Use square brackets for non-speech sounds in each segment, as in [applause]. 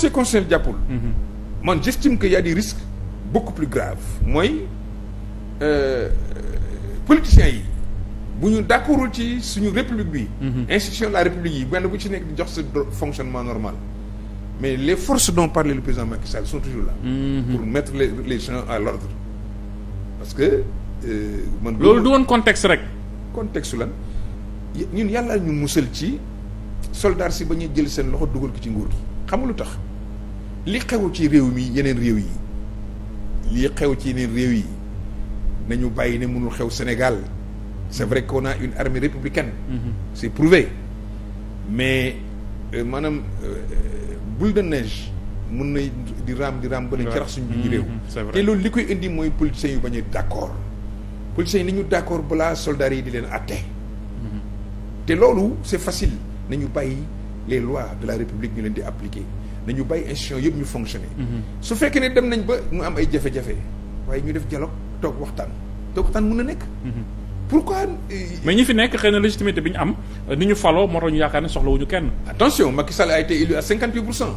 conseil constitutionnel jàppul. man j'estime que a des risques mooy euh, politiciens yi bu ñu d'accordul ci suñu république bi. Mhm. institution de la république yi benn bu ci nekk di jox sa fonctionnement normal mais les force dont parlait le président Macky Sall sont toujours là. mm pour mettre les les gens à l'ordre parce que. Euh, man loolu du woon contexte rek. contexte lan ñun yàlla ñu musal ci soldats ba ñuy jël seen loxo dugal ko ci nguur gi. xam nga lu tax li xew ci réew mi yeneen réew yi li xew ci yeneen réew yi nañu bàyyi ne mënul xew Sénégal c'est vrai qu'on a une armée républicaine mhm. c'est prouvé mais euh, maanaam euh, boule de neige mun na di raam di raam ba ne carax suñ mhm, bi réew te loolu li koy indi mooy politiciens yu bañ a d'accord politiciens yi ni ñu d'accord balaa soldats yi di leen atte mhm. te loolu c'est facile nañu bàyyi les lois de la république ñu leen di appliquer nañu bàyyi institution yëpp ñu fonctionner. Mhm. su fekkee ne dem nañ ba mu am ay jafe-jafe waaye ñu def dialogue toog waxtaan toog waxtaan mën na nekk. pour mhm. pourquoi. Euh, mais ñu fi nekk xëy na légitimité bi ñu am ni ñu faloo moo tax ñu yaakaar ne soxlawuñu kenn. attention Macky Sall a été élu à 58 pour cent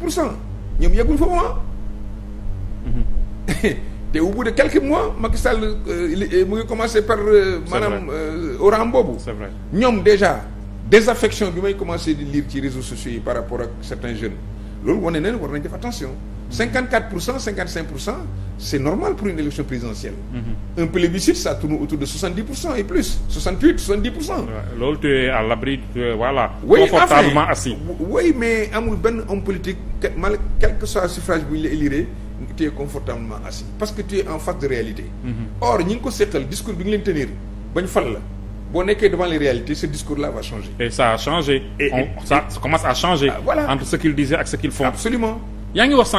pour cent ñoom yegguñu fa ah. mois. Mhm. [laughs] te au bout de quelques mois Macky Sall euh, euh, mu ngi commencé par. maanaam oran boobu. c'est vrai ñoom déjà. désaffection bi may commencé di lire ci réseaux sociaux yi par rapport ak certains jeunes loolu wane na ne war nañ def attention 54 pour cent 55 pour cent c'est normal pour une élection présidentielle. Mhm. un plébiscite ça tourne autour de 70 pour cent et plus 68 pour cent. loolu tu es à l'abri voilà. oui mais amul benn homme politique mal quel que soit suffrage bu ñu tu es confortablement assis parce que tu es en face de réalité. Mm -hmm. or bi ngi leen tenir la. boo nekkee devant les réalités ce discours-là va changer. et ça a changé. et, et on, ça, ça commence à changer. Ah, voilà entre ce qu'ils disaient ak ce qu'ils font. absolument yaa ngi wax